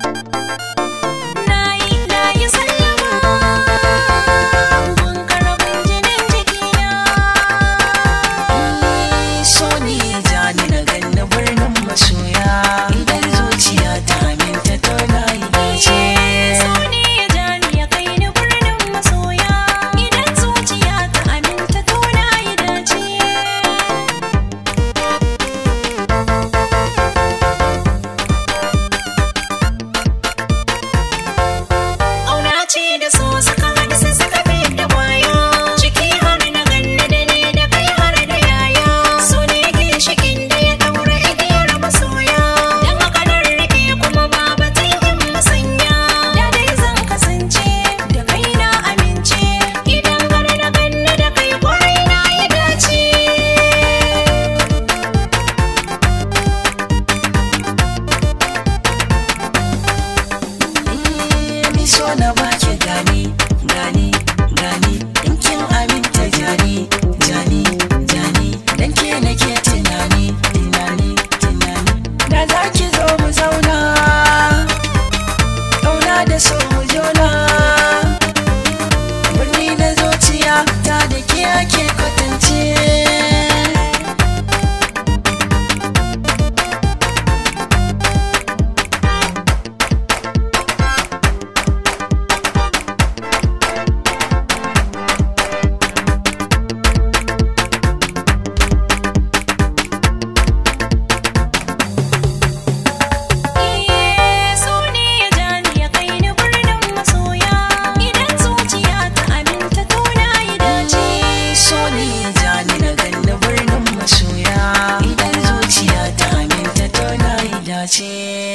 Thank you. wanna watch. 街。